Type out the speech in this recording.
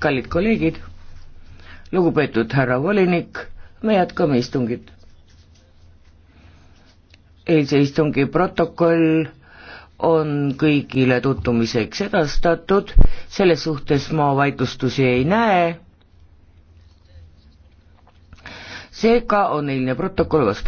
kallid kolleegid, lugupeetud härra volinik, me jätkame istungit. eilse istungi protokoll on kõigile tutvumiseks edastatud, selles suhtes ma vaidlustusi ei näe, seega on eilne protokoll vastu